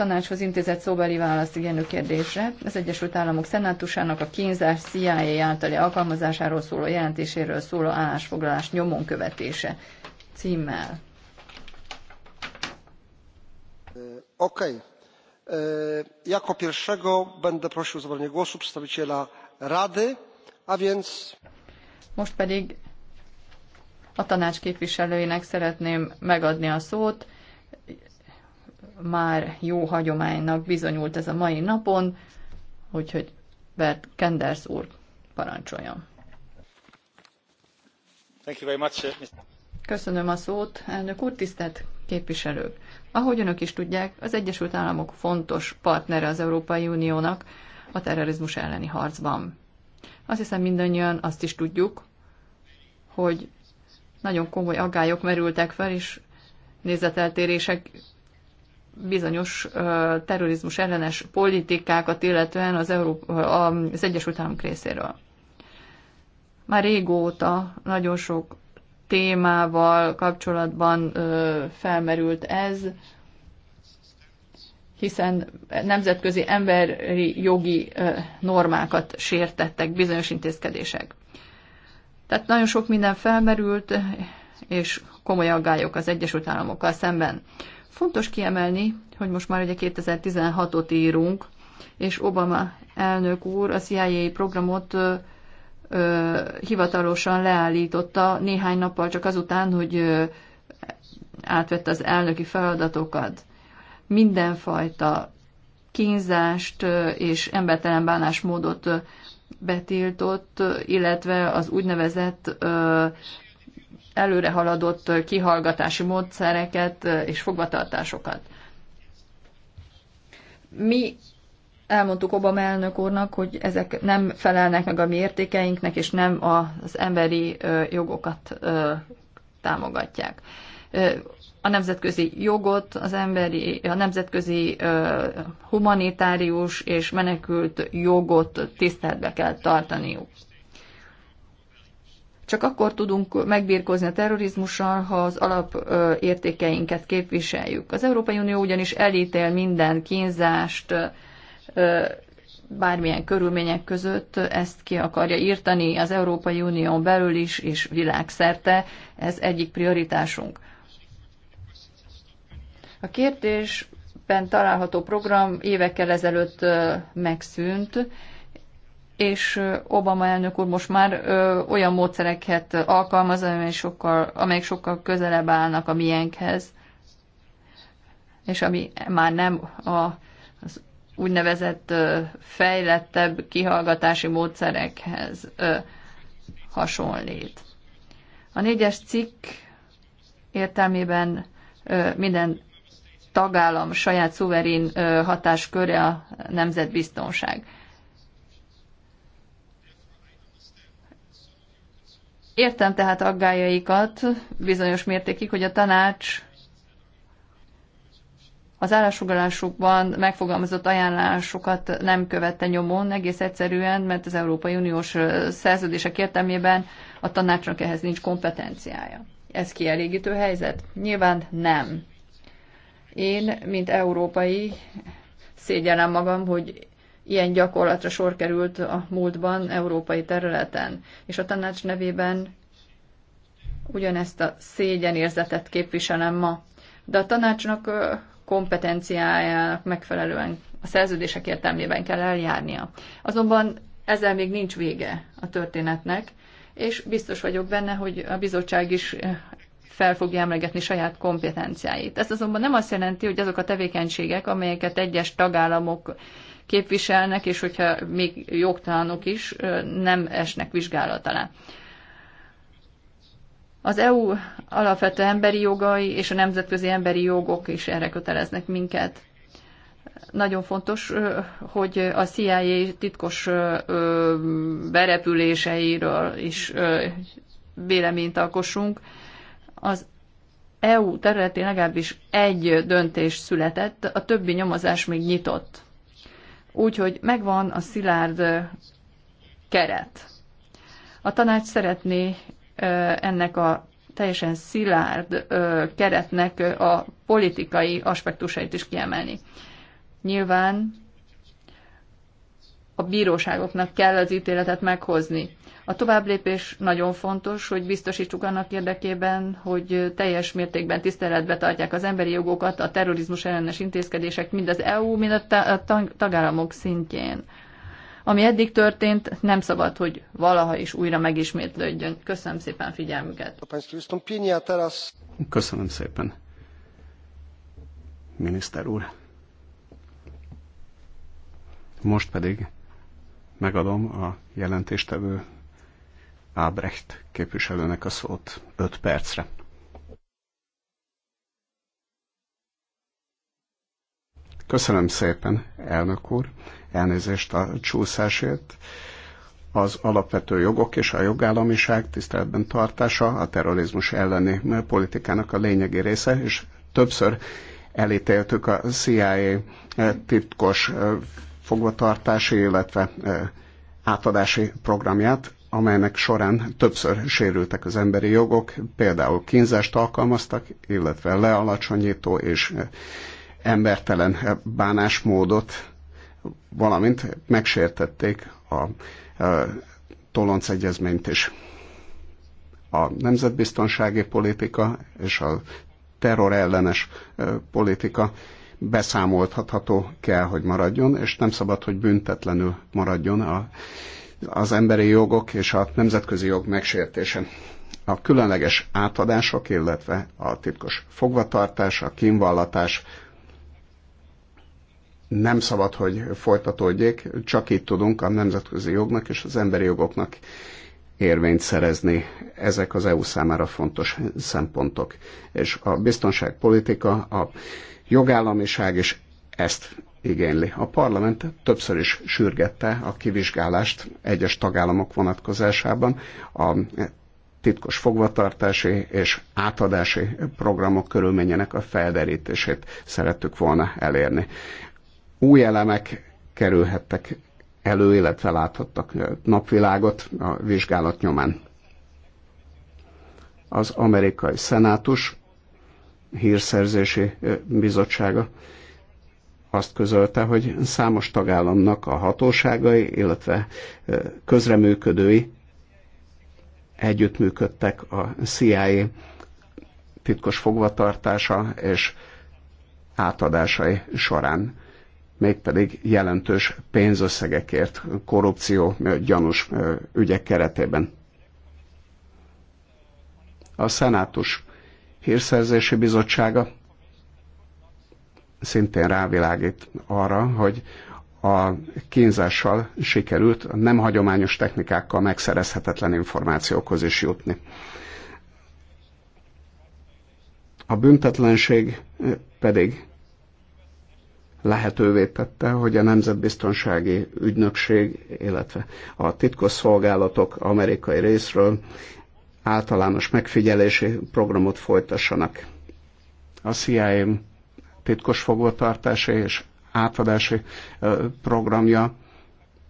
tanácshoz intézett szóbeli választ igenő kérdésre, az Egyesült Államok Szenátusának a kínzás CIA általi alkalmazásáról szóló jelentéséről szóló állásfoglalás nyomon követése címmel. Oké. Okay. Jako pierwszego będę prosił o zabranie głosu przedstawiciela Rady, a więc... Most pedig a tanács képviselőinek szeretném megadni a szót már jó hagyománynak bizonyult ez a mai napon, úgyhogy Bert Kenders úr parancsoljon. Uh, Köszönöm a szót, elnök úr, tisztelt képviselők! Ahogy önök is tudják, az Egyesült Államok fontos partnere az Európai Uniónak a terrorizmus elleni harcban. Azt hiszem mindannyian azt is tudjuk, hogy nagyon komoly agályok merültek fel, és nézeteltérések bizonyos terrorizmus ellenes politikákat, illetően az, Európa, az Egyesült Államok részéről. Már régóta nagyon sok témával kapcsolatban felmerült ez, hiszen nemzetközi emberi jogi normákat sértettek bizonyos intézkedések. Tehát nagyon sok minden felmerült, és komoly aggályok az Egyesült Államokkal szemben. Fontos kiemelni, hogy most már ugye 2016-ot írunk, és Obama elnök úr a CIA programot ö, ö, hivatalosan leállította néhány nappal csak azután, hogy ö, átvette az elnöki feladatokat. Mindenfajta kínzást és embertelen bánásmódot betiltott, illetve az úgynevezett előre haladott kihallgatási módszereket és fogvatartásokat. Mi elmondtuk Obama elnök úrnak, hogy ezek nem felelnek meg a mi értékeinknek, és nem az emberi jogokat támogatják. A nemzetközi jogot, az emberi, a nemzetközi humanitárius és menekült jogot tiszteletbe kell tartaniuk. Csak akkor tudunk megbírkozni a terrorizmussal, ha az alapértékeinket képviseljük. Az Európai Unió ugyanis elítél minden kínzást, bármilyen körülmények között ezt ki akarja írtani az Európai Unió belül is és világszerte. Ez egyik prioritásunk. A kérdésben található program évekkel ezelőtt megszűnt, és Obama elnök úr most már ö, olyan módszereket alkalmaz, amelyek sokkal, amelyek sokkal közelebb állnak a miénkhez, és ami már nem a, az úgynevezett ö, fejlettebb kihallgatási módszerekhez ö, hasonlít. A négyes cikk értelmében ö, minden tagállam saját szuverén ö, hatásköre a nemzetbiztonság Értem tehát aggájaikat bizonyos mértékig, hogy a tanács az állásfoglalásukban megfogalmazott ajánlásokat nem követte nyomon, egész egyszerűen, mert az Európai Uniós szerződések értelmében a tanácsnak ehhez nincs kompetenciája. Ez kielégítő helyzet? Nyilván nem. Én, mint európai, szégyellem magam, hogy Ilyen gyakorlatra sor került a múltban európai területen, és a tanács nevében ugyanezt a szégyenérzetet képviselem ma. De a tanácsnak kompetenciájának megfelelően a szerződések értelmében kell eljárnia. Azonban ezzel még nincs vége a történetnek, és biztos vagyok benne, hogy a bizottság is fel fogja emlegetni saját kompetenciáit. Ez azonban nem azt jelenti, hogy azok a tevékenységek, amelyeket egyes tagállamok képviselnek, és hogyha még jogtalanok is, nem esnek vizsgálat alá. Az EU alapvető emberi jogai és a nemzetközi emberi jogok is erre köteleznek minket. Nagyon fontos, hogy a CIA titkos berepüléseiről is véleményt alkossunk. Az EU területén legalábbis egy döntés született, a többi nyomozás még nyitott úgyhogy megvan a szilárd keret. A tanács szeretné ennek a teljesen szilárd keretnek a politikai aspektusait is kiemelni. Nyilván a bíróságoknak kell az ítéletet meghozni. A továbblépés nagyon fontos, hogy biztosítsuk annak érdekében, hogy teljes mértékben tiszteletbe tartják az emberi jogokat a terrorizmus ellenes intézkedések mind az EU, mind a, a tagállamok szintjén. Ami eddig történt, nem szabad, hogy valaha is újra megismétlődjön. Köszönöm szépen figyelmüket. Köszönöm szépen. Miniszter úr. Most pedig megadom a jelentéstevő Ábrecht képviselőnek a szót 5 percre. Köszönöm szépen, elnök úr, elnézést a csúszásért. Az alapvető jogok és a jogállamiság tiszteletben tartása a terrorizmus elleni politikának a lényegi része, és többször elítéltük a CIA titkos fogvatartási, illetve eh, átadási programját, amelynek során többször sérültek az emberi jogok, például kínzást alkalmaztak, illetve lealacsonyító és eh, embertelen eh, bánásmódot, valamint megsértették a eh, Tolonc egyezményt is. A nemzetbiztonsági politika és a terrorellenes politika beszámoltatható kell, hogy maradjon, és nem szabad, hogy büntetlenül maradjon a az emberi jogok és a nemzetközi jog megsértése. A különleges átadások, illetve a titkos fogvatartás, a kínvallatás nem szabad, hogy folytatódjék, csak így tudunk a nemzetközi jognak és az emberi jogoknak érvényt szerezni. Ezek az EU számára fontos szempontok. És a biztonságpolitika, a jogállamiság és ezt igényli. A parlament többször is sürgette a kivizsgálást egyes tagállamok vonatkozásában a titkos fogvatartási és átadási programok körülményének a felderítését szerettük volna elérni. Új elemek kerülhettek elő, illetve láthattak napvilágot a vizsgálat nyomán. Az amerikai szenátus hírszerzési bizottsága azt közölte, hogy számos tagállamnak a hatóságai, illetve közreműködői együttműködtek a CIA titkos fogvatartása és átadásai során, mégpedig jelentős pénzösszegekért korrupció gyanús ügyek keretében. A Szenátus Hírszerzési Bizottsága szintén rávilágít arra, hogy a kínzással sikerült a nem hagyományos technikákkal megszerezhetetlen információkhoz is jutni. A büntetlenség pedig lehetővé tette, hogy a Nemzetbiztonsági Ügynökség, illetve a titkosszolgálatok amerikai részről általános megfigyelési programot folytassanak. A CIA titkos fogvatartási és átadási programja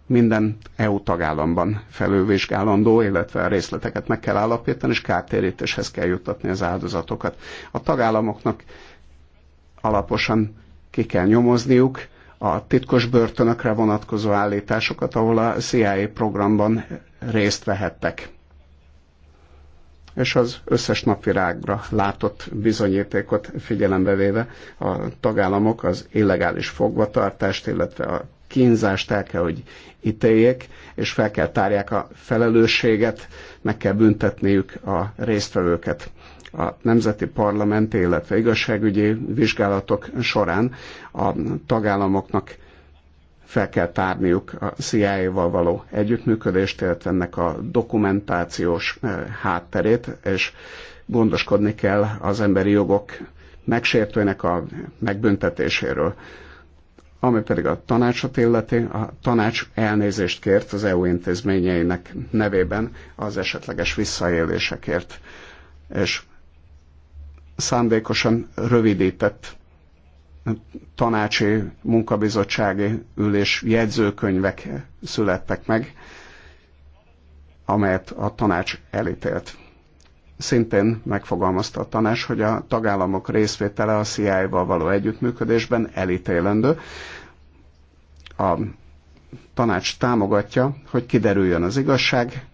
minden EU tagállamban felülvizsgálandó, illetve a részleteket meg kell állapítani, és kártérítéshez kell juttatni az áldozatokat. A tagállamoknak alaposan ki kell nyomozniuk a titkos börtönökre vonatkozó állításokat, ahol a CIA programban részt vehettek és az összes napvirágra látott bizonyítékot figyelembe véve a tagállamok az illegális fogvatartást, illetve a kínzást el kell, hogy ítéljék, és fel kell tárják a felelősséget, meg kell büntetniük a résztvevőket. A nemzeti parlament illetve igazságügyi vizsgálatok során a tagállamoknak fel kell tárniuk a CIA-val való együttműködést, illetve ennek a dokumentációs eh, hátterét, és gondoskodni kell az emberi jogok megsértőnek a megbüntetéséről. Ami pedig a tanácsot illeti, a tanács elnézést kért az EU intézményeinek nevében az esetleges visszaélésekért, és szándékosan rövidített tanácsi munkabizottsági ülés jegyzőkönyvek születtek meg, amelyet a tanács elítélt. Szintén megfogalmazta a tanács, hogy a tagállamok részvétele a CIA-val való együttműködésben elítélendő. A tanács támogatja, hogy kiderüljön az igazság,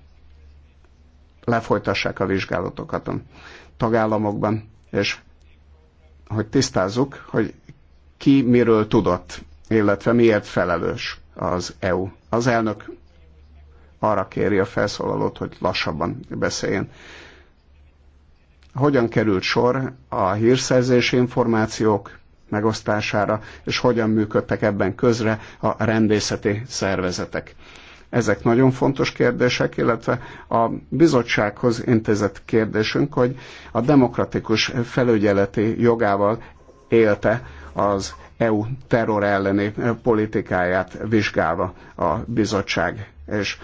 lefolytassák a vizsgálatokat a tagállamokban, és hogy tisztázzuk, hogy ki miről tudott, illetve miért felelős az EU. Az elnök arra kéri a felszólalót, hogy lassabban beszéljen. Hogyan került sor a hírszerzési információk megosztására, és hogyan működtek ebben közre a rendészeti szervezetek. Ezek nagyon fontos kérdések, illetve a bizottsághoz intézett kérdésünk, hogy a demokratikus felügyeleti jogával élte az EU terror elleni eh, politikáját vizsgálva a bizottság, és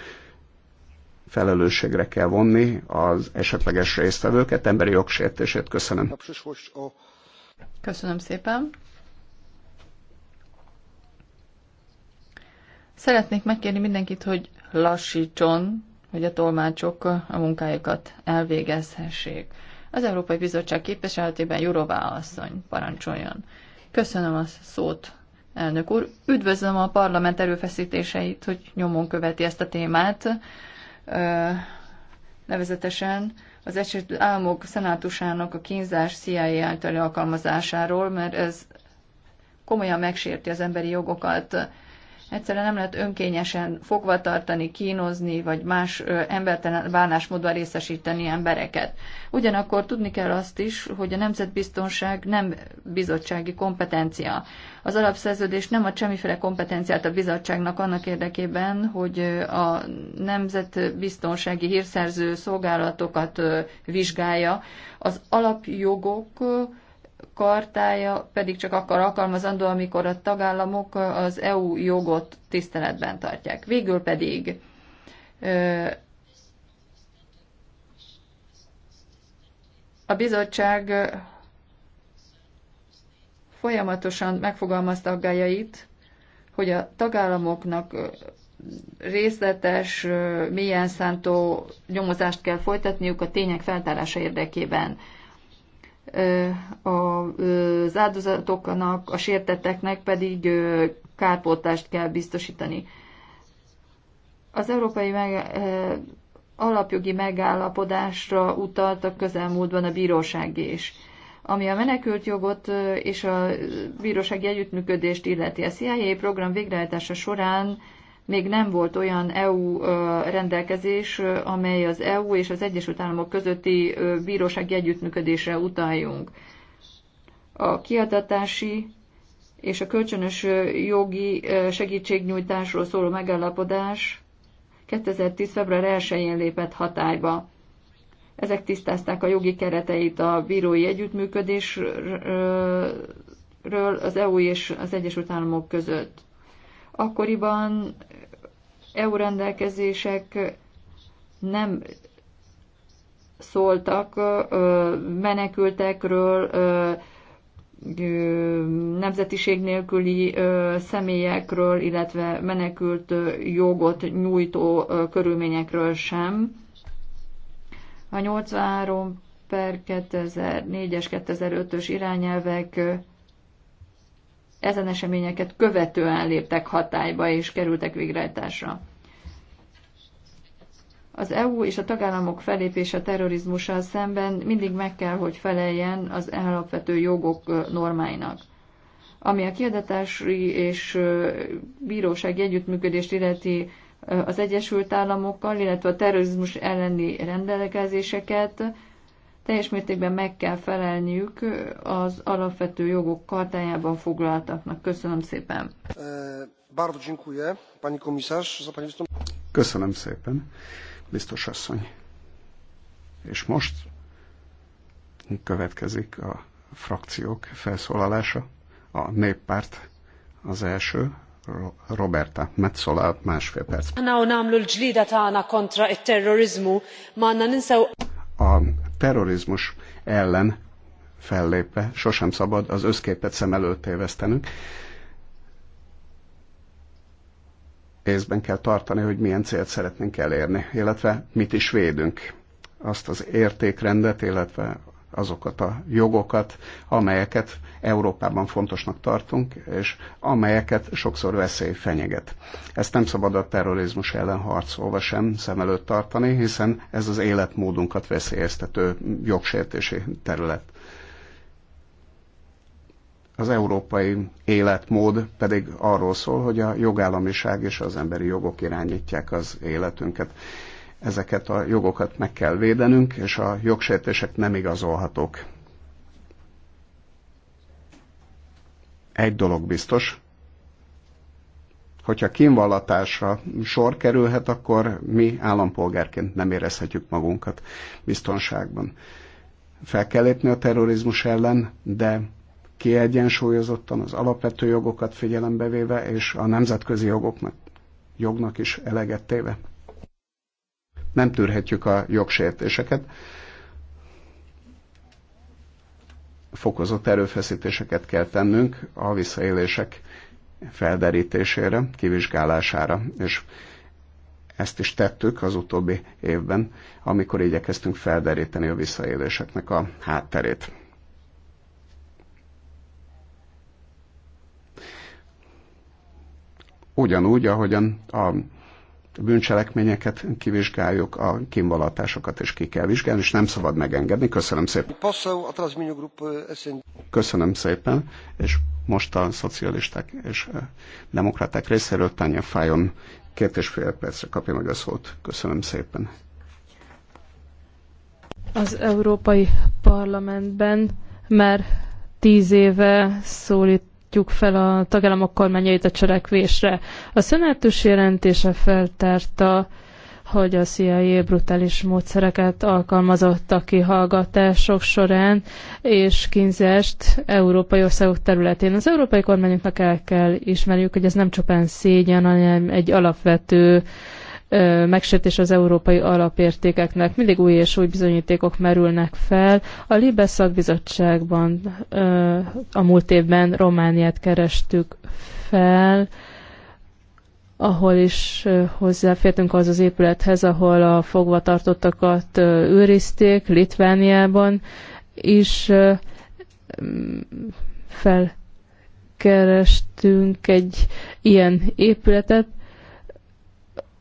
felelősségre kell vonni az esetleges résztvevőket, emberi jogsértését. Köszönöm. Köszönöm szépen. Szeretnék megkérni mindenkit, hogy lassítson, hogy a tolmácsok a munkájukat elvégezhessék. Az Európai Bizottság képviseletében Jurová asszony parancsoljon. Köszönöm a szót, elnök úr. Üdvözlöm a parlament erőfeszítéseit, hogy nyomon követi ezt a témát. Nevezetesen az eset álmok szenátusának a kínzás CIA által alkalmazásáról, mert ez komolyan megsérti az emberi jogokat. Egyszerűen nem lehet önkényesen fogva tartani, kínozni, vagy más embertelen bánásmódban részesíteni embereket. Ugyanakkor tudni kell azt is, hogy a nemzetbiztonság nem bizottsági kompetencia. Az alapszerződés nem ad semmiféle kompetenciát a bizottságnak annak érdekében, hogy a nemzetbiztonsági hírszerző szolgálatokat vizsgálja. Az alapjogok kartája pedig csak akkor alkalmazandó, amikor a tagállamok az EU jogot tiszteletben tartják. Végül pedig a bizottság folyamatosan megfogalmazta aggájait, hogy a tagállamoknak részletes, mélyen szántó nyomozást kell folytatniuk a tények feltárása érdekében az áldozatoknak, a sérteteknek pedig kárpótást kell biztosítani. Az európai meg, alapjogi megállapodásra utaltak közelmúltban a bíróság is ami a menekült jogot és a bírósági együttműködést illeti. A CIA program végrehajtása során még nem volt olyan EU rendelkezés, amely az EU és az Egyesült Államok közötti bírósági együttműködésre utaljunk. A kiadatási és a kölcsönös jogi segítségnyújtásról szóló megállapodás 2010. február 1-én lépett hatályba. Ezek tisztázták a jogi kereteit a bírói együttműködésről az EU és az Egyesült Államok között. Akkoriban EU rendelkezések nem szóltak menekültekről, nemzetiség nélküli személyekről, illetve menekült jogot nyújtó körülményekről sem. A 83 per 2004-es, 2005-ös irányelvek ezen eseményeket követően léptek hatályba és kerültek végrehajtásra. Az EU és a tagállamok felépése terrorizmussal szemben mindig meg kell, hogy feleljen az alapvető jogok normáinak. Ami a kiadatási és bírósági együttműködést illeti az Egyesült Államokkal, illetve a terrorizmus elleni rendelkezéseket, teljes mértékben meg kell felelniük az alapvető jogok kartájában foglaltaknak. Köszönöm szépen. E, Köszönöm szépen, biztos asszony. És most következik a frakciók felszólalása. A néppárt az első, Roberta Metzola másfél perc. Għana u namlu l-ġlida tagħna kontra it-terrorizmu ma għandna ninsew terrorizmus ellen fellépve sosem szabad az összképet szem előtt évesztenünk. Észben kell tartani, hogy milyen célt szeretnénk elérni, illetve mit is védünk. Azt az értékrendet, illetve azokat a jogokat, amelyeket Európában fontosnak tartunk, és amelyeket sokszor veszély fenyeget. Ezt nem szabad a terrorizmus ellen harcolva sem szem előtt tartani, hiszen ez az életmódunkat veszélyeztető jogsértési terület. Az európai életmód pedig arról szól, hogy a jogállamiság és az emberi jogok irányítják az életünket ezeket a jogokat meg kell védenünk, és a jogsértések nem igazolhatók. Egy dolog biztos, hogyha kínvallatásra sor kerülhet, akkor mi állampolgárként nem érezhetjük magunkat biztonságban. Fel kell lépni a terrorizmus ellen, de kiegyensúlyozottan az alapvető jogokat figyelembe véve, és a nemzetközi jogoknak, jognak is eleget téve nem tűrhetjük a jogsértéseket. Fokozott erőfeszítéseket kell tennünk a visszaélések felderítésére, kivizsgálására, és ezt is tettük az utóbbi évben, amikor igyekeztünk felderíteni a visszaéléseknek a hátterét. Ugyanúgy, ahogyan a bűncselekményeket kivizsgáljuk, a kínvallatásokat is ki kell vizsgálni, és nem szabad megengedni. Köszönöm szépen. Köszönöm szépen, és most a szocialisták és e, demokraták részéről Tanya Fájon két és fél percre kapja meg a szót. Köszönöm szépen. Az Európai Parlamentben már tíz éve szólít szólítjuk fel a tagállamok kormányait a cselekvésre. A szenátus jelentése feltárta, hogy a CIA brutális módszereket alkalmazott a kihallgatások során, és kínzást európai országok területén. Az európai kormányoknak el kell ismerjük, hogy ez nem csupán szégyen, hanem egy alapvető megsértés az európai alapértékeknek. Mindig új és új bizonyítékok merülnek fel. A Libe szakbizottságban a múlt évben Romániát kerestük fel, ahol is hozzáfértünk az az épülethez, ahol a fogvatartottakat őrizték, Litvániában is felkerestünk egy ilyen épületet,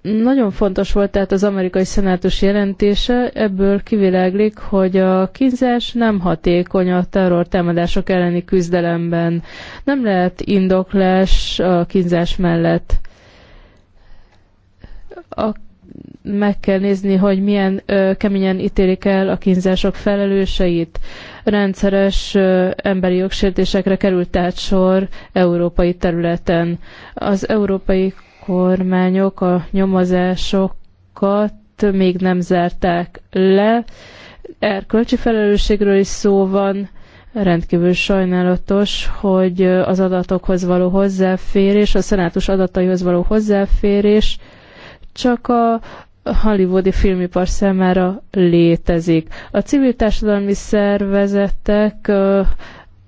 nagyon fontos volt tehát az amerikai szenátus jelentése, ebből kiviláglik, hogy a kínzás nem hatékony a terror támadások elleni küzdelemben. Nem lehet indoklás a kínzás mellett. A, meg kell nézni, hogy milyen ö, keményen ítélik el a kínzások felelőseit. Rendszeres ö, emberi jogsértésekre került tehát sor európai területen. Az európai kormányok a nyomozásokat még nem zárták le. Erkölcsi felelősségről is szó van, rendkívül sajnálatos, hogy az adatokhoz való hozzáférés, a szenátus adataihoz való hozzáférés csak a hollywoodi filmipar számára létezik. A civil társadalmi szervezetek,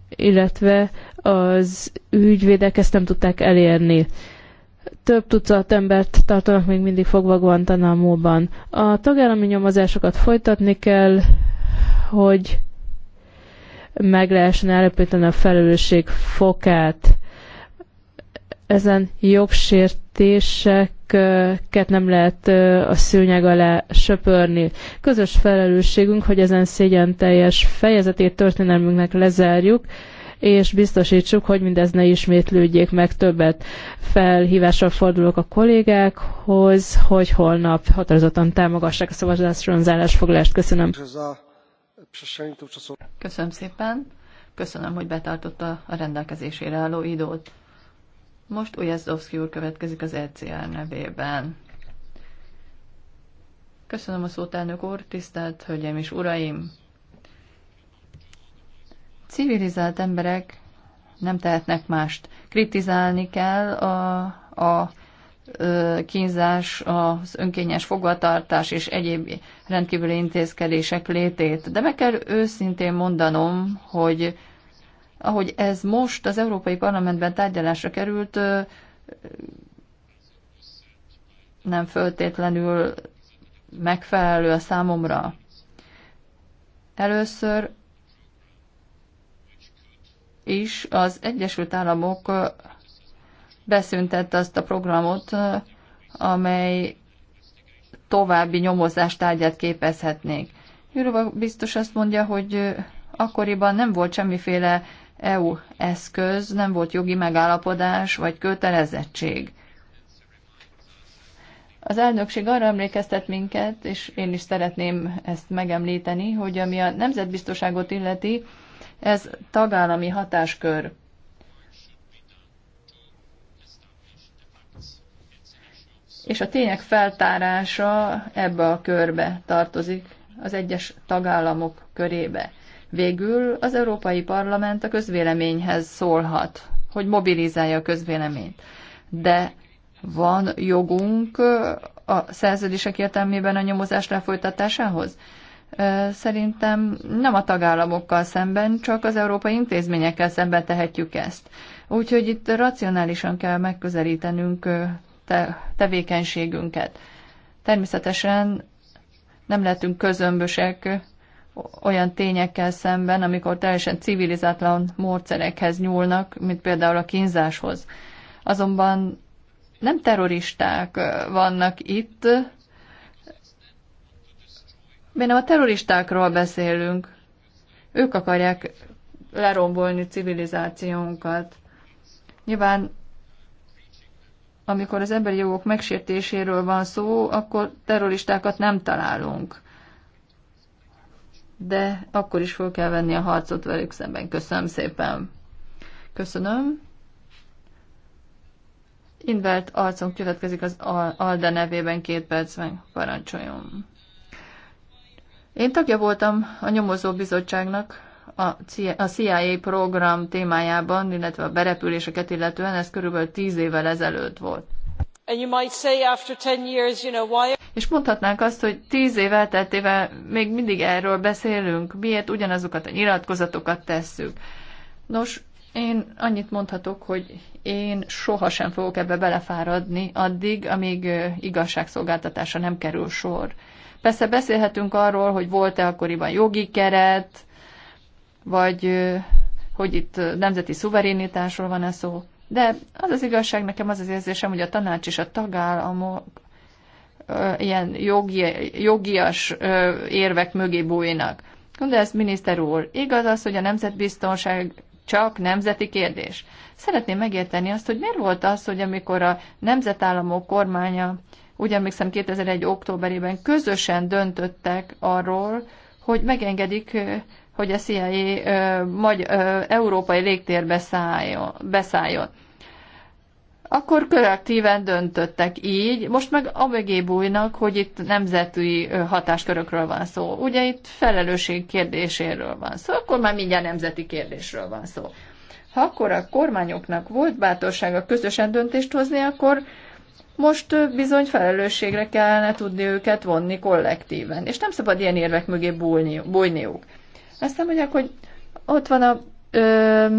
illetve az ügyvédek ezt nem tudták elérni több tucat embert tartanak még mindig fogva Guantanamo-ban. A tagállami nyomozásokat folytatni kell, hogy meg lehessen állapítani a felelősség fokát. Ezen jogsértéseket nem lehet a szőnyeg alá söpörni. Közös felelősségünk, hogy ezen szégyen teljes fejezetét történelmünknek lezárjuk, és biztosítsuk, hogy mindez ne ismétlődjék meg többet. Felhívással fordulok a kollégákhoz, hogy holnap határozottan támogassák a szavazásról az állásfoglalást. Köszönöm. Köszönöm szépen. Köszönöm, hogy betartotta a rendelkezésére álló időt. Most Ujazdowski úr következik az ECR nevében. Köszönöm a szót, elnök úr, tisztelt hölgyeim és uraim! Civilizált emberek nem tehetnek mást. Kritizálni kell a, a kínzás, az önkényes fogvatartás és egyéb rendkívüli intézkedések létét. De meg kell őszintén mondanom, hogy ahogy ez most az Európai Parlamentben tárgyalásra került, nem föltétlenül megfelelő a számomra. Először is az Egyesült Államok beszüntette azt a programot, amely további nyomozást tárgyát képezhetnék. Jurova biztos azt mondja, hogy akkoriban nem volt semmiféle EU eszköz, nem volt jogi megállapodás vagy kötelezettség. Az elnökség arra emlékeztet minket, és én is szeretném ezt megemlíteni, hogy ami a nemzetbiztonságot illeti, ez tagállami hatáskör. És a tények feltárása ebbe a körbe tartozik, az egyes tagállamok körébe. Végül az Európai Parlament a közvéleményhez szólhat, hogy mobilizálja a közvéleményt. De van jogunk a szerződések értelmében a nyomozás lefolytatásához? Szerintem nem a tagállamokkal szemben, csak az európai intézményekkel szemben tehetjük ezt. Úgyhogy itt racionálisan kell megközelítenünk te- tevékenységünket. Természetesen nem lehetünk közömbösek olyan tényekkel szemben, amikor teljesen civilizátlan módszerekhez nyúlnak, mint például a kínzáshoz. Azonban nem terroristák vannak itt, mi nem a terroristákról beszélünk. Ők akarják lerombolni civilizációnkat. Nyilván, amikor az emberi jogok megsértéséről van szó, akkor terroristákat nem találunk. De akkor is fel kell venni a harcot velük szemben. Köszönöm szépen. Köszönöm. Invert arcon következik az alde nevében két percben. Parancsoljon. Én tagja voltam a nyomozó bizottságnak a CIA program témájában, illetve a berepüléseket illetően, ez körülbelül tíz évvel ezelőtt volt. Years, you know, why... És mondhatnánk azt, hogy tíz év elteltével még mindig erről beszélünk, miért ugyanazokat a nyilatkozatokat tesszük. Nos, én annyit mondhatok, hogy én sohasem fogok ebbe belefáradni addig, amíg igazságszolgáltatásra nem kerül sor. Persze beszélhetünk arról, hogy volt-e akkoriban jogi keret, vagy hogy itt nemzeti szuverénitásról van-e szó. De az az igazság, nekem az az érzésem, hogy a tanács és a tagállamok ilyen jogi, jogias érvek mögé bújnak. De ezt miniszter úr, igaz az, hogy a nemzetbiztonság csak nemzeti kérdés. Szeretném megérteni azt, hogy miért volt az, hogy amikor a nemzetállamok kormánya úgy emlékszem 2001. októberében közösen döntöttek arról, hogy megengedik, hogy a CIA magy- európai légtérbe szálljon. beszálljon. Akkor kollektíven döntöttek így, most meg mögé bújnak, hogy itt nemzeti hatáskörökről van szó. Ugye itt felelősség kérdéséről van szó, akkor már mindjárt nemzeti kérdésről van szó. Ha akkor a kormányoknak volt bátorsága közösen döntést hozni, akkor most bizony felelősségre kellene tudni őket vonni kollektíven, és nem szabad ilyen érvek mögé bújniuk. nem mondják, hogy ott van a ö,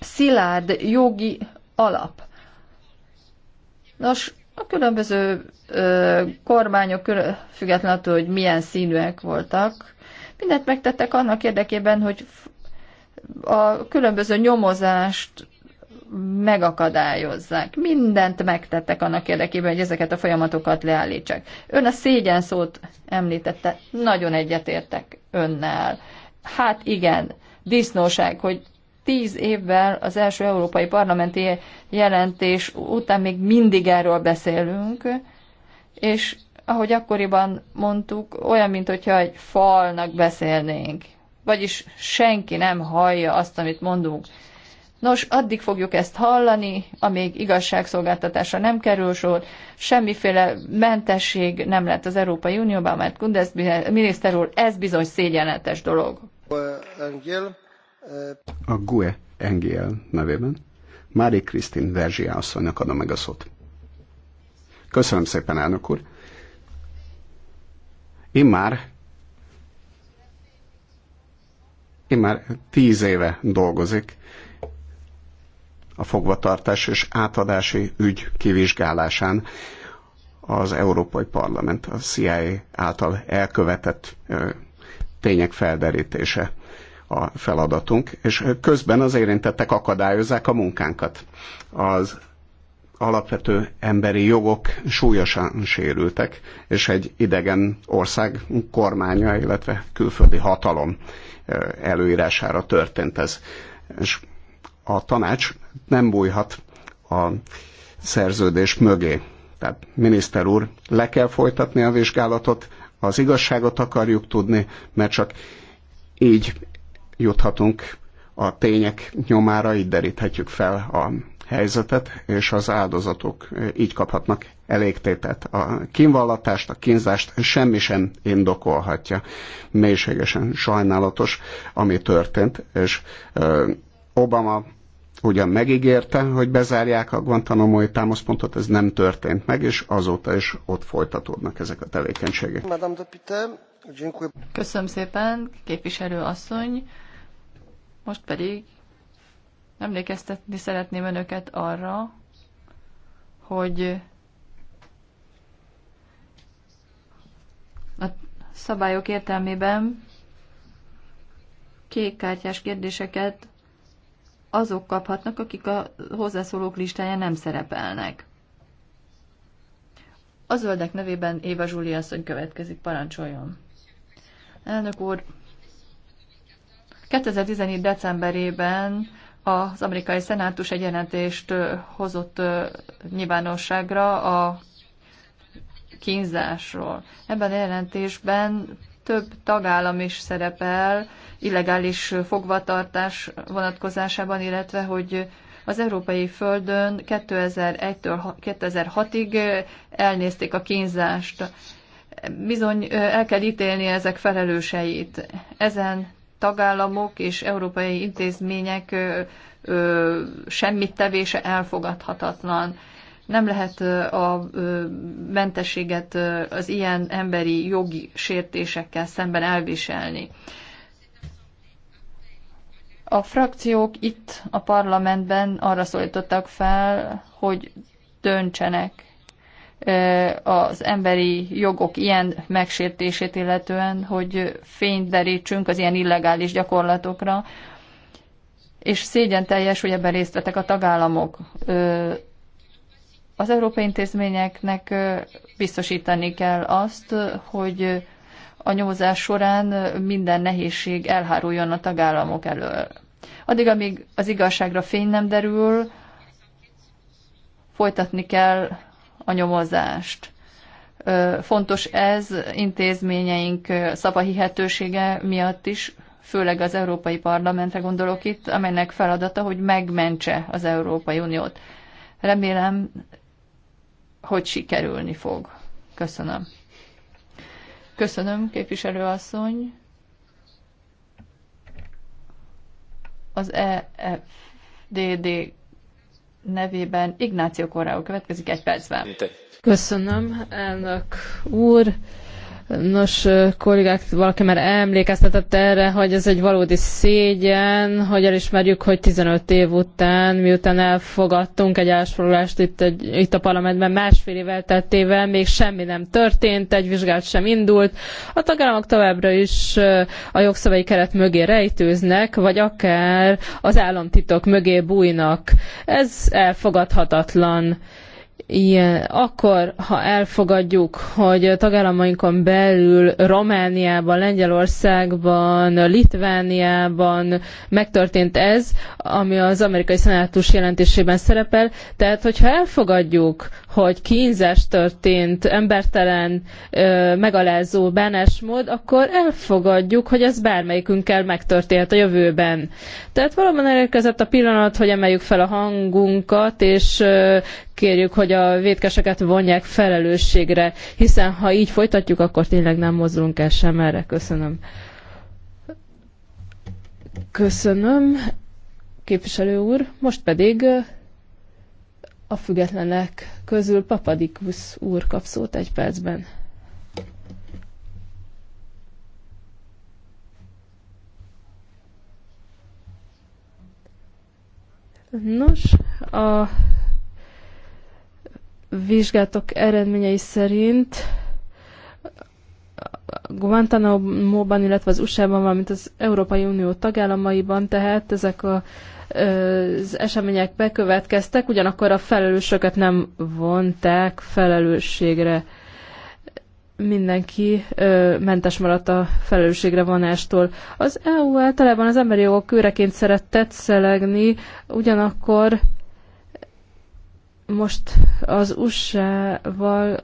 szilárd jogi alap. Nos, a különböző ö, kormányok, külön, független attól, hogy milyen színűek voltak, mindent megtettek annak érdekében, hogy a különböző nyomozást megakadályozzák. Mindent megtettek annak érdekében, hogy ezeket a folyamatokat leállítsák. Ön a szégyen szót említette, nagyon egyetértek önnel. Hát igen, disznóság, hogy tíz évvel az első európai parlamenti jelentés után még mindig erről beszélünk, és ahogy akkoriban mondtuk, olyan, mint hogyha egy falnak beszélnénk. Vagyis senki nem hallja azt, amit mondunk. Nos, addig fogjuk ezt hallani, amíg igazságszolgáltatásra nem kerül sor, semmiféle mentesség nem lett az Európai Unióban, mert Kundesz miniszter úr, ez bizony szégyenletes dolog. Eh, a GUE NGL nevében Mári Krisztin Verzsi asszonynak adom meg a szót. Köszönöm szépen, elnök úr. Én már én már tíz éve dolgozik a fogvatartás és átadási ügy kivizsgálásán az Európai Parlament a CIA által elkövetett tények felderítése a feladatunk, és közben az érintettek akadályozzák a munkánkat. Az alapvető emberi jogok súlyosan sérültek, és egy idegen ország kormánya, illetve külföldi hatalom előírására történt ez. És a tanács nem bújhat a szerződés mögé. Tehát miniszter úr, le kell folytatni a vizsgálatot, az igazságot akarjuk tudni, mert csak így juthatunk a tények nyomára, így deríthetjük fel a helyzetet, és az áldozatok eh, így kaphatnak elégtételt. A kínvallatást, a kínzást semmi sem indokolhatja. Mélységesen sajnálatos, ami történt, és eh, Obama ugyan megígérte, hogy bezárják a Guantanamo-i támaszpontot, ez nem történt meg, és azóta is ott folytatódnak ezek a tevékenységek. Köszönöm szépen, képviselő asszony. Most pedig emlékeztetni szeretném önöket arra, hogy a szabályok értelmében kártyás kérdéseket azok kaphatnak, akik a hozzászólók listáján nem szerepelnek. A zöldek nevében Éva Zsúli asszony következik, parancsoljon. Elnök úr, 2017. decemberében az amerikai szenátus egy jelentést hozott nyilvánosságra a kínzásról. Ebben a jelentésben több tagállam is szerepel illegális fogvatartás vonatkozásában, illetve hogy az európai földön 2001-től 2006-ig elnézték a kínzást. Bizony el kell ítélni ezek felelőseit. Ezen tagállamok és európai intézmények semmit tevése elfogadhatatlan nem lehet a mentességet az ilyen emberi jogi sértésekkel szemben elviselni. A frakciók itt a parlamentben arra szólítottak fel, hogy döntsenek az emberi jogok ilyen megsértését illetően, hogy fényt derítsünk az ilyen illegális gyakorlatokra, és szégyen teljes, hogy ebben részt vettek a tagállamok. Az európai intézményeknek biztosítani kell azt, hogy a nyomozás során minden nehézség elháruljon a tagállamok elől. Addig, amíg az igazságra fény nem derül, folytatni kell a nyomozást. Fontos ez intézményeink szavahihetősége miatt is, főleg az Európai Parlamentre gondolok itt, amelynek feladata, hogy megmentse az Európai Uniót. Remélem hogy sikerülni fog. Köszönöm. Köszönöm, képviselőasszony. Az EFDD nevében Ignáció Korráó következik egy percben. Köszönöm, elnök úr. Nos, kollégák, valaki már emlékeztetett erre, hogy ez egy valódi szégyen, hogy elismerjük, hogy 15 év után, miután elfogadtunk egy állásfoglalást itt, egy, itt a parlamentben másfél évvel tettével, még semmi nem történt, egy vizsgálat sem indult. A tagállamok továbbra is a jogszabályi keret mögé rejtőznek, vagy akár az államtitok mögé bújnak. Ez elfogadhatatlan. Igen, akkor, ha elfogadjuk, hogy tagállamainkon belül Romániában, Lengyelországban, Litvániában megtörtént ez, ami az amerikai szenátus jelentésében szerepel, tehát hogyha elfogadjuk, hogy kínzás történt, embertelen, megalázó bánásmód, akkor elfogadjuk, hogy ez bármelyikünkkel megtörténhet a jövőben. Tehát valóban elérkezett a pillanat, hogy emeljük fel a hangunkat, és kérjük, hogy a vétkeseket vonják felelősségre, hiszen ha így folytatjuk, akkor tényleg nem mozdulunk el sem erre. Köszönöm. Köszönöm, képviselő úr. Most pedig a függetlenek közül Papadikus úr kap szót egy percben. Nos, a vizsgátok eredményei szerint Guantanamo-ban, illetve az USA-ban, valamint az Európai Unió tagállamaiban, tehát ezek a, az események bekövetkeztek, ugyanakkor a felelősöket nem vonták felelősségre. Mindenki ö, mentes maradt a felelősségre vonástól. Az EU általában az emberi jogok őreként szeret tetszelegni, ugyanakkor most az USA-val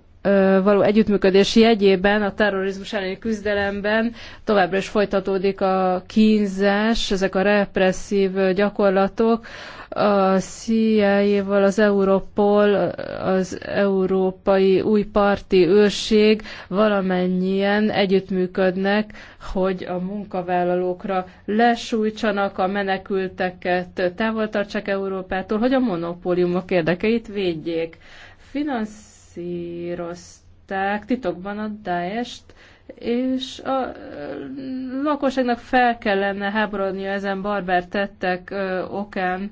való együttműködés jegyében a terrorizmus elleni küzdelemben továbbra is folytatódik a kínzás, ezek a represszív gyakorlatok, a CIA-val, az Europol, az Európai Új Parti Őrség valamennyien együttműködnek, hogy a munkavállalókra lesújtsanak, a menekülteket távol tartsák Európától, hogy a monopóliumok érdekeit védjék. Finanszírozták titokban a daesh és a lakosságnak fel kellene háborodnia ezen barbár tettek okán,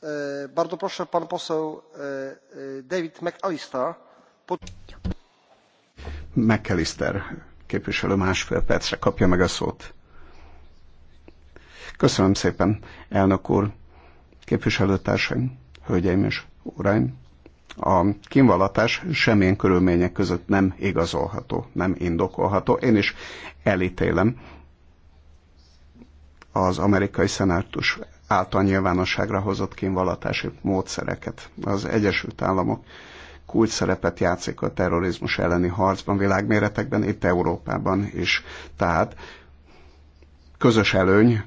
E, e, e, David McAllister. McAllister képviselő másfél percre kapja meg a szót. Köszönöm szépen, elnök úr, képviselőtársaim, hölgyeim és uraim. A kínvallatás semmilyen körülmények között nem igazolható, nem indokolható. Én is elítélem az amerikai szenátus által nyilvánosságra hozott kínvallatási módszereket. Az Egyesült Államok kulcs szerepet játszik a terrorizmus elleni harcban, világméretekben, itt Európában is. Tehát közös előny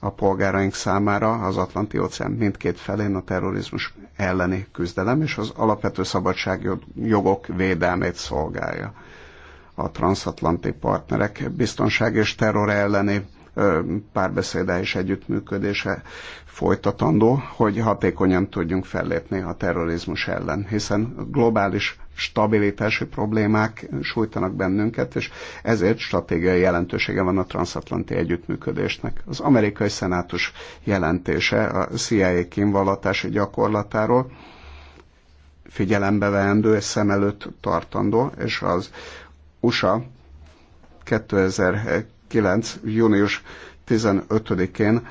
a polgáraink számára az Atlanti-óceán mindkét felén a terrorizmus elleni küzdelem és az alapvető szabadságjogok védelmét szolgálja. A transatlanti partnerek biztonság és terror elleni párbeszéde és együttműködése folytatandó, hogy hatékonyan tudjunk fellépni a terrorizmus ellen, hiszen globális stabilitási problémák sújtanak bennünket, és ezért stratégiai jelentősége van a transatlanti együttműködésnek. Az amerikai szenátus jelentése a CIA kínvallatási gyakorlatáról figyelembe veendő és szem előtt tartandó, és az USA 2000 2009. június 15-én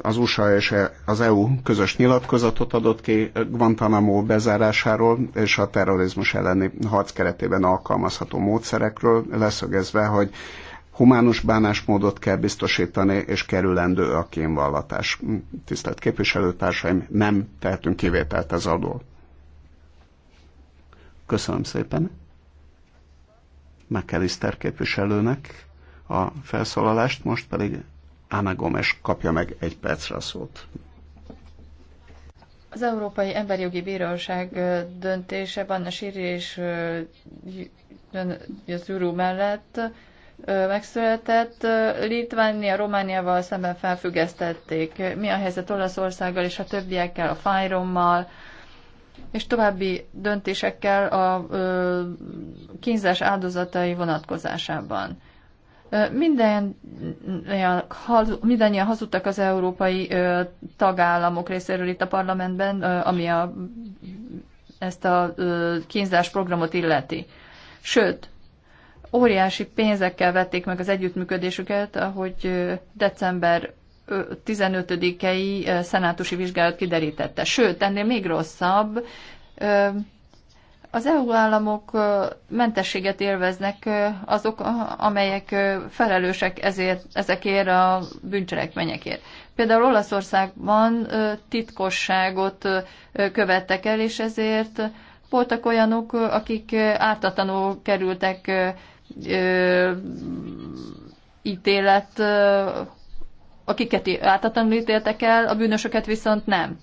az USA és az EU közös nyilatkozatot adott ki Guantanamo bezárásáról és a terrorizmus elleni harc keretében alkalmazható módszerekről, leszögezve, hogy humánus bánásmódot kell biztosítani, és kerülendő a kémvallatás. Tisztelt képviselőtársaim, nem tehetünk kivételt ez adó. Köszönöm szépen. McAllister képviselőnek a felszólalást, most pedig Ána Gomes kapja meg egy percre a szót. Az Európai Emberi Jogi Bíróság döntése Banna Siri és Juru mellett megszületett. Litvánia, Romániával szemben felfüggesztették. Mi a helyzet Olaszországgal és a többiekkel, a Fájrommal, és további döntésekkel a kínzás áldozatai vonatkozásában. Minden, mindannyian hazudtak az európai tagállamok részéről itt a parlamentben, ami a, ezt a kínzás programot illeti. Sőt, óriási pénzekkel vették meg az együttműködésüket, ahogy december 15-i szenátusi vizsgálat kiderítette. Sőt, ennél még rosszabb, az EU államok mentességet élveznek azok, amelyek felelősek ezért, ezekért a bűncselekményekért. Például Olaszországban titkosságot követtek el, és ezért voltak olyanok, akik ártatlanul kerültek ítélet, akiket ártatlanul ítéltek el, a bűnösöket viszont nem.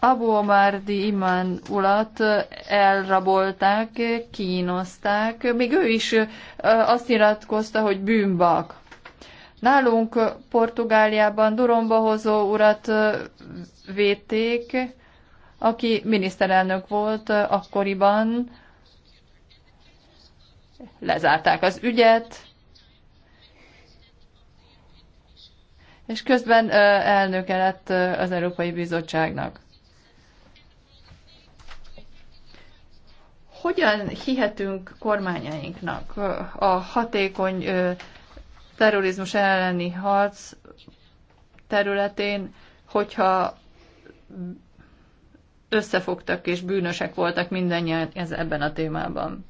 Abu Omardi Imán ulat elrabolták, kínozták, még ő is azt nyilatkozta, hogy bűnbak. Nálunk Portugáliában Duromba hozó urat védték, aki miniszterelnök volt akkoriban, lezárták az ügyet, és közben elnöke lett az Európai Bizottságnak. Hogyan hihetünk kormányainknak a hatékony terrorizmus elleni harc területén, hogyha összefogtak és bűnösek voltak mindannyian ez ebben a témában.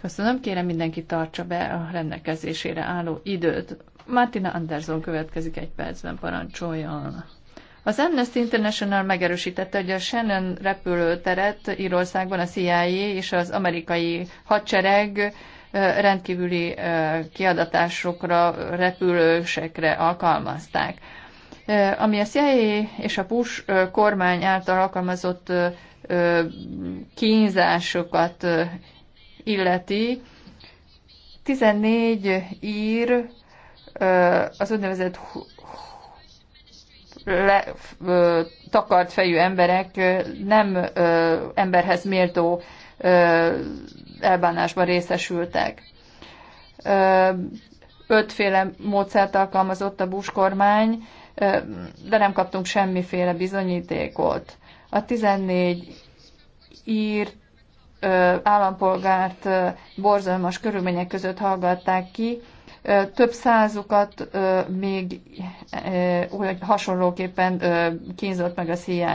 Köszönöm, kérem mindenki tartsa be a rendelkezésére álló időt. Martina Anderson következik egy percben, parancsoljon. Az Amnesty International megerősítette, hogy a Shannon repülőteret Írországban a CIA és az amerikai hadsereg rendkívüli kiadatásokra, repülősekre alkalmazták. Ami a CIA és a Bush kormány által alkalmazott kínzásokat illeti, 14 ír az úgynevezett le, ö, takart fejű emberek nem ö, emberhez méltó ö, elbánásban részesültek. Ö, ötféle módszert alkalmazott a Bush kormány, ö, de nem kaptunk semmiféle bizonyítékot. A 14 írt állampolgárt borzalmas körülmények között hallgatták ki, több százukat még hasonlóképpen kínzott meg a CIA.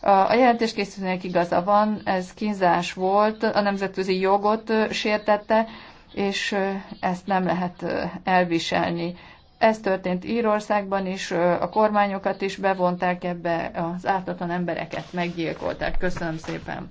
A jelentéskészítőnek igaza van, ez kínzás volt, a nemzetközi jogot sértette, és ezt nem lehet elviselni. Ez történt Írországban is, a kormányokat is bevonták ebbe, az ártatlan embereket meggyilkolták. Köszönöm szépen!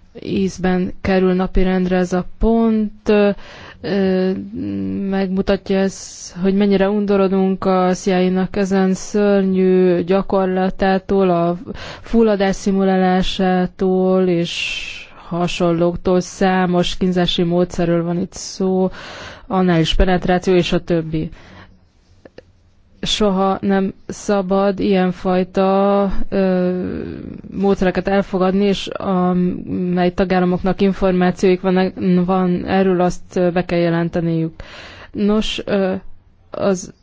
ízben kerül napirendre ez a pont. Megmutatja ez, hogy mennyire undorodunk a cia ezen szörnyű gyakorlatától, a fulladás szimulálásától és hasonlóktól. Számos kínzási módszerről van itt szó, annális penetráció és a többi soha nem szabad ilyenfajta ö, módszereket elfogadni, és amely tagállamoknak információik van, van erről, azt be kell jelenteniük. Nos, ö, az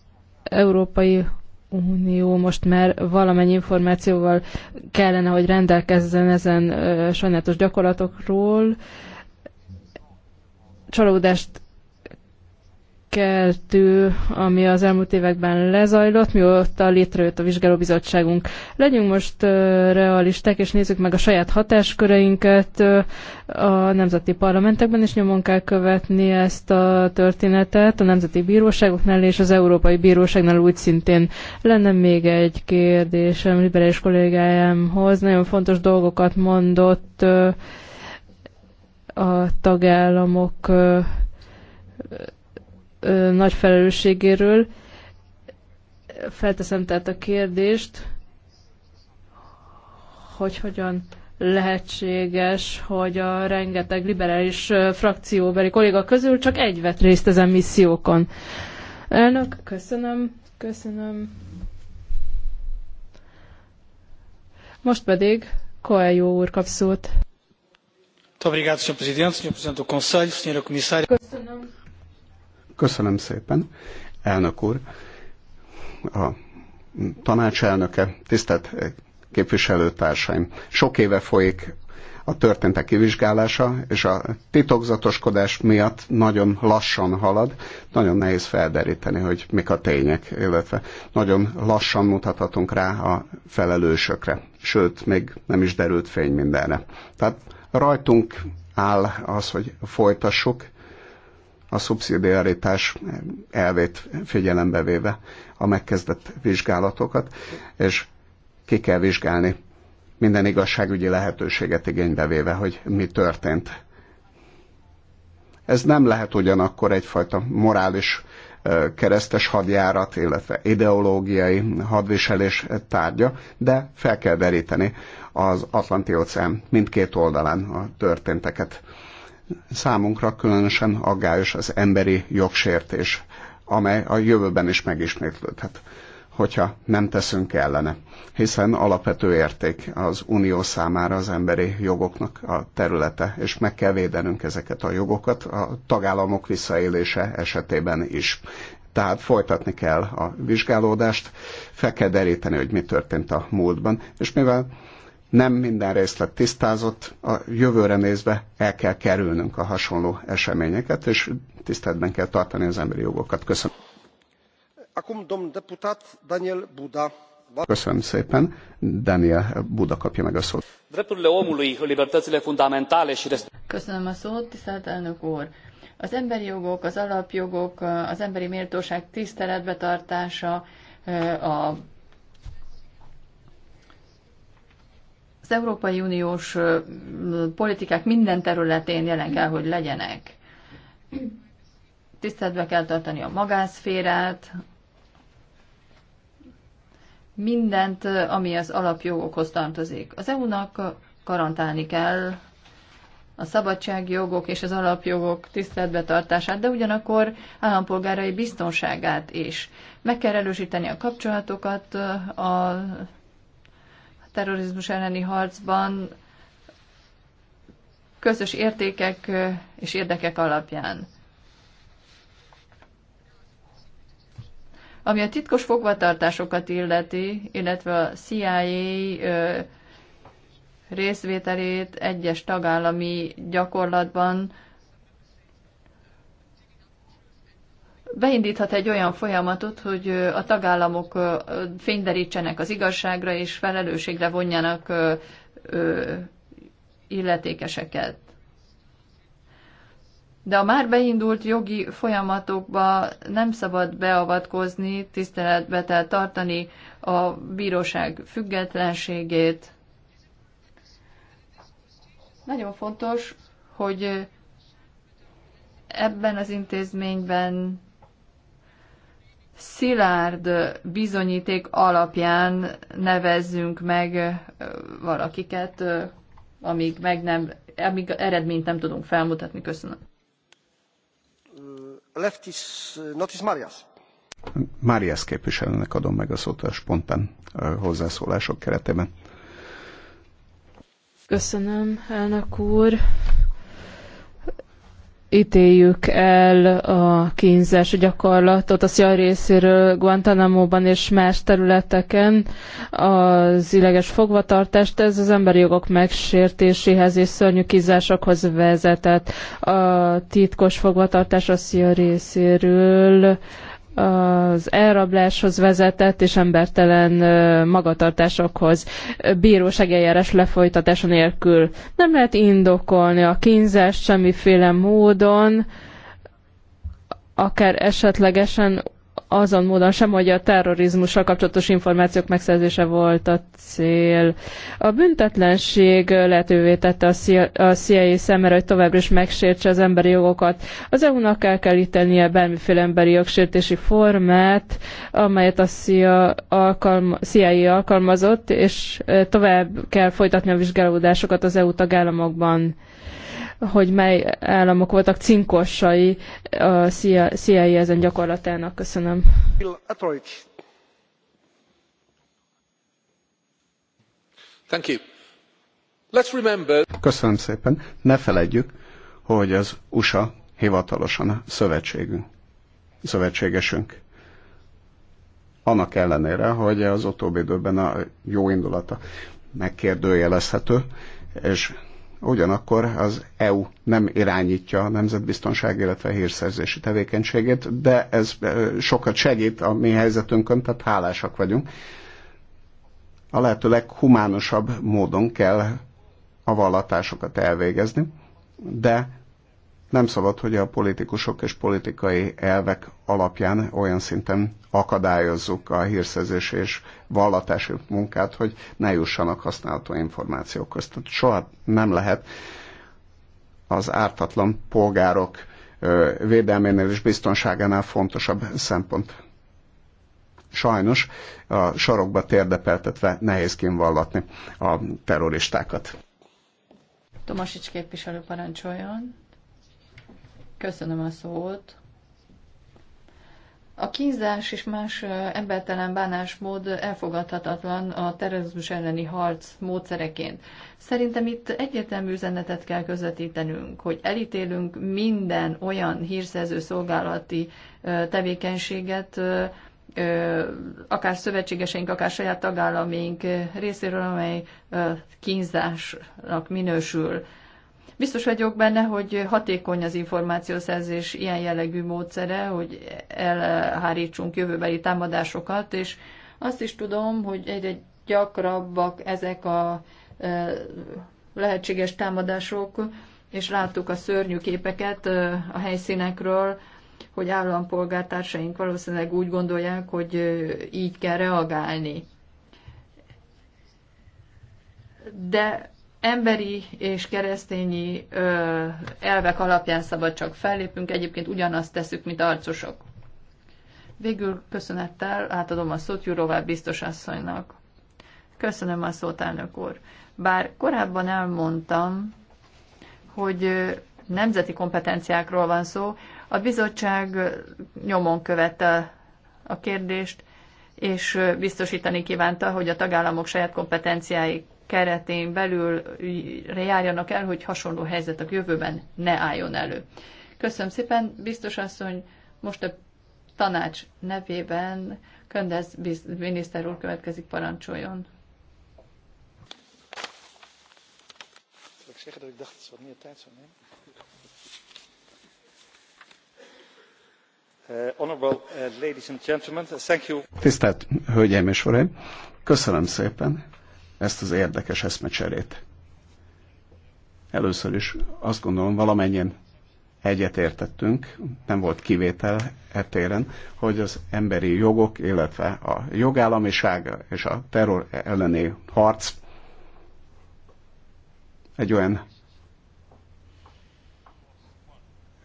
Európai Unió most már valamennyi információval kellene, hogy rendelkezzen ezen ö, sajnálatos gyakorlatokról. Csalódást keltő, ami az elmúlt években lezajlott, mióta létrejött a vizsgálóbizottságunk. Legyünk most realisták, és nézzük meg a saját hatásköreinket a nemzeti parlamentekben, és nyomon kell követni ezt a történetet a nemzeti bíróságoknál és az Európai Bíróságnál úgy szintén. Lenne még egy kérdésem liberális kollégájámhoz. Nagyon fontos dolgokat mondott a tagállamok ö, nagy felelősségéről. Felteszem tehát a kérdést, hogy hogyan lehetséges, hogy a rengeteg liberális frakcióbeli kolléga közül csak egy vett részt ezen missziókon. Elnök, köszönöm, köszönöm. Most pedig jó úr kap szót. Köszönöm. Köszönöm szépen, elnök úr. A tanácselnöke, tisztelt képviselőtársaim, sok éve folyik a történtek kivizsgálása, és a titokzatoskodás miatt nagyon lassan halad, nagyon nehéz felderíteni, hogy mik a tények, illetve nagyon lassan mutathatunk rá a felelősökre, sőt, még nem is derült fény mindenre. Tehát rajtunk áll az, hogy folytassuk a szubszidiaritás elvét figyelembe véve a megkezdett vizsgálatokat, és ki kell vizsgálni minden igazságügyi lehetőséget igénybe véve, hogy mi történt. Ez nem lehet ugyanakkor egyfajta morális keresztes hadjárat, illetve ideológiai hadviselés tárgya, de fel kell deríteni az Atlanti-óceán mindkét oldalán a történteket. Számunkra különösen aggályos az emberi jogsértés, amely a jövőben is megismétlődhet hogyha nem teszünk ellene, hiszen alapvető érték az unió számára az emberi jogoknak a területe, és meg kell védenünk ezeket a jogokat a tagállamok visszaélése esetében is. Tehát folytatni kell a vizsgálódást, fel kell deríteni, hogy mi történt a múltban, és mivel nem minden részlet tisztázott, a jövőre nézve el kell kerülnünk a hasonló eseményeket, és tiszteletben kell tartani az emberi jogokat. Köszönöm. Köszönöm szépen. Daniel Buda kapja meg a szót. Köszönöm a szót, tisztelt elnök úr. Az emberi jogok, az alapjogok, az emberi méltóság tiszteletbetartása, a az Európai Uniós politikák minden területén jelen kell, hogy legyenek. Tiszteletbe kell tartani a magánszférát, mindent, ami az alapjogokhoz tartozik. Az EU-nak garantálni kell a szabadságjogok és az alapjogok tiszteletbe tartását, de ugyanakkor állampolgárai biztonságát is. Meg kell erősíteni a kapcsolatokat a terrorizmus elleni harcban közös értékek és érdekek alapján. Ami a titkos fogvatartásokat illeti, illetve a CIA részvételét egyes tagállami gyakorlatban, beindíthat egy olyan folyamatot, hogy a tagállamok fényderítsenek az igazságra és felelősségre vonjanak illetékeseket. De a már beindult jogi folyamatokba nem szabad beavatkozni, tiszteletbe kell tartani a bíróság függetlenségét. Nagyon fontos, hogy ebben az intézményben szilárd bizonyíték alapján nevezzünk meg valakiket, amíg, meg nem, amíg eredményt nem tudunk felmutatni. Köszönöm. Leftis, Notis Marias. Máriász képviselőnek adom meg a szót a spontán hozzászólások keretében. Köszönöm, elnök úr ítéljük el a kínzás gyakorlatot a CIA részéről Guantanamo-ban és más területeken az illeges fogvatartást, ez az emberi jogok megsértéséhez és szörnyű kínzásokhoz vezetett. A titkos fogvatartás a CIA részéről az elrabláshoz vezetett és embertelen magatartásokhoz bíróság eljárás lefolytatása nélkül. Nem lehet indokolni a kínzást semmiféle módon, akár esetlegesen azon módon sem, hogy a terrorizmussal kapcsolatos információk megszerzése volt a cél. A büntetlenség lehetővé tette a CIA szemére, hogy továbbra is megsértse az emberi jogokat. Az EU-nak el kell ítélnie bármiféle emberi jogsértési formát, amelyet a CIA, alkalma, CIA alkalmazott, és eh, tovább kell folytatni a vizsgálódásokat az EU tagállamokban hogy mely államok voltak cinkossai a CIA ezen gyakorlatának. Köszönöm. Thank you. Let's remember... Köszönöm szépen. Ne feledjük, hogy az USA hivatalosan a szövetségünk, szövetségesünk. Annak ellenére, hogy az utóbbi időben a jó indulata megkérdőjelezhető, és ugyanakkor az EU nem irányítja a nemzetbiztonság, illetve hírszerzési tevékenységét, de ez sokat segít a mi helyzetünkön, tehát hálásak vagyunk. A lehető leghumánusabb módon kell a vallatásokat elvégezni, de nem szabad, hogy a politikusok és politikai elvek alapján olyan szinten akadályozzuk a hírszerzés és vallatási munkát, hogy ne jussanak használható közt. Tehát soha nem lehet az ártatlan polgárok védelménél és biztonságánál fontosabb szempont. Sajnos a sarokba térdepeltetve nehéz kínvallatni a terroristákat. Tomasics képviselő parancsoljon. Köszönöm a szót. A kínzás és más embertelen bánásmód elfogadhatatlan a terrorizmus elleni harc módszereként. Szerintem itt egyértelmű üzenetet kell közvetítenünk, hogy elítélünk minden olyan hírszerző szolgálati tevékenységet, akár szövetségeseink, akár saját tagállamink részéről, amely kínzásnak minősül Biztos vagyok benne, hogy hatékony az információszerzés ilyen jellegű módszere, hogy elhárítsunk jövőbeli támadásokat, és azt is tudom, hogy egyre gyakrabbak ezek a e, lehetséges támadások, és láttuk a szörnyű képeket e, a helyszínekről, hogy állampolgártársaink valószínűleg úgy gondolják, hogy e, így kell reagálni. De emberi és keresztényi ö, elvek alapján szabad csak fellépünk, egyébként ugyanazt tesszük, mint arcosok. Végül köszönettel átadom a szót Jurová biztos asszonynak. Köszönöm a szót, elnök úr. Bár korábban elmondtam, hogy nemzeti kompetenciákról van szó, a bizottság nyomon követte a kérdést, és biztosítani kívánta, hogy a tagállamok saját kompetenciáik keretén belül járjanak el, hogy hasonló helyzet a jövőben ne álljon elő. Köszönöm szépen, biztos asszony, most a tanács nevében Köndez miniszter úr következik, parancsoljon. Tisztelt Hölgyeim és Uraim, köszönöm szépen ezt az érdekes eszmecserét. Először is azt gondolom, valamennyien egyetértettünk, nem volt kivétel etéren, hogy az emberi jogok, illetve a jogállamiság és a terror elleni harc egy olyan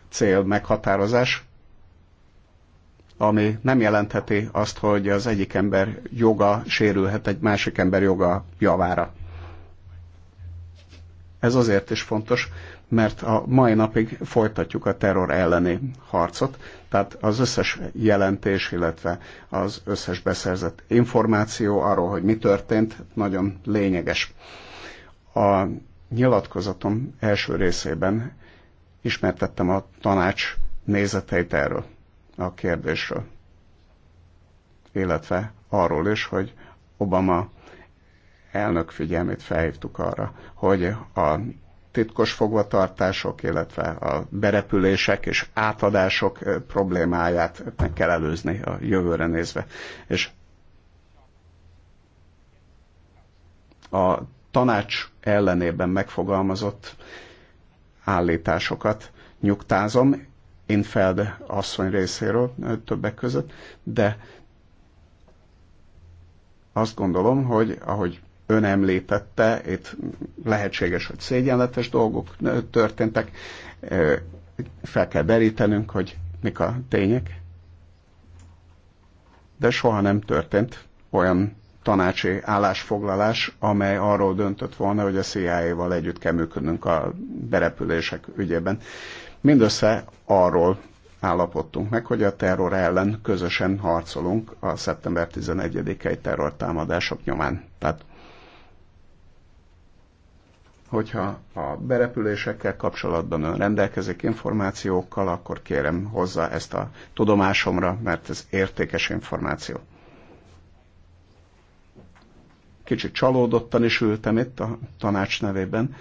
cél meghatározás, ami nem jelentheti azt, hogy az egyik ember joga sérülhet egy másik ember joga javára. Ez azért is fontos, mert a mai napig folytatjuk a terror elleni harcot, tehát az összes jelentés, illetve az összes beszerzett információ arról, hogy mi történt, nagyon lényeges. A nyilatkozatom első részében ismertettem a tanács nézeteit erről a kérdésről. Illetve arról is, hogy Obama elnök figyelmét felhívtuk arra, hogy a titkos fogvatartások, illetve a berepülések és átadások eh, problémáját meg kell előzni a jövőre nézve. És a tanács ellenében megfogalmazott állításokat nyugtázom, Infeld asszony részéről többek között, de azt gondolom, hogy ahogy ön említette, itt lehetséges, hogy szégyenletes dolgok történtek, fel kell derítenünk, hogy mik a tények, de soha nem történt olyan tanácsi állásfoglalás, amely arról döntött volna, hogy a CIA-val együtt kell működnünk a berepülések ügyében. Mindössze arról állapodtunk meg, hogy a terror ellen közösen harcolunk a szeptember 11-i terrortámadások nyomán. Tehát hogyha a berepülésekkel kapcsolatban ön rendelkezik információkkal, akkor kérem hozzá ezt a tudomásomra, mert ez értékes információ. Kicsit csalódottan is ültem itt a tanács nevében,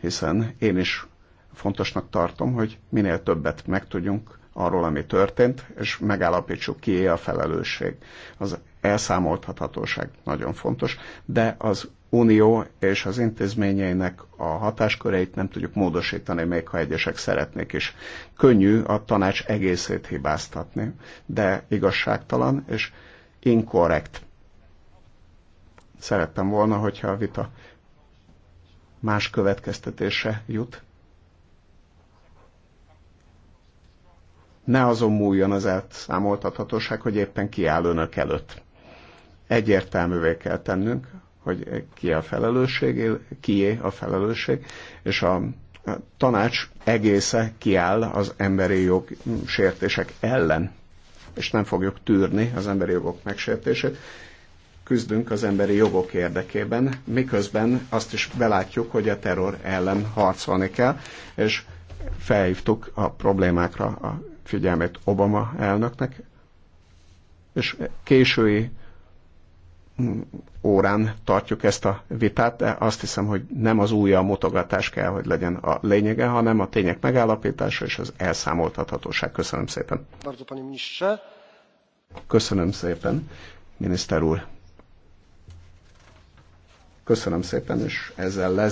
hiszen én is fontosnak tartom, hogy minél többet megtudjunk arról, ami történt, és megállapítsuk ki a felelősség. Az elszámoltathatóság nagyon fontos, de az unió és az intézményeinek a hatásköreit nem tudjuk módosítani, még ha egyesek szeretnék is. Könnyű a tanács egészét hibáztatni, de igazságtalan és inkorrekt. Szerettem volna, hogyha a vita más következtetése jut, ne azon múljon az elszámoltathatóság, hogy éppen ki áll önök előtt. Egyértelművé kell tennünk, hogy ki a felelősség, kié a felelősség, és a tanács egésze kiáll az emberi jog sértések ellen, és nem fogjuk tűrni az emberi jogok megsértését. Küzdünk az emberi jogok érdekében, miközben azt is belátjuk, hogy a terror ellen harcolni kell, és felhívtuk a problémákra a figyelmét Obama elnöknek, és késői mm, órán tartjuk ezt a vitát, de azt hiszem, hogy nem az újja a mutogatás kell, hogy legyen a lényege, hanem a tények megállapítása és az elszámoltathatóság. Köszönöm szépen. Köszönöm szépen, miniszter úr. Köszönöm szépen, és ezzel lesz.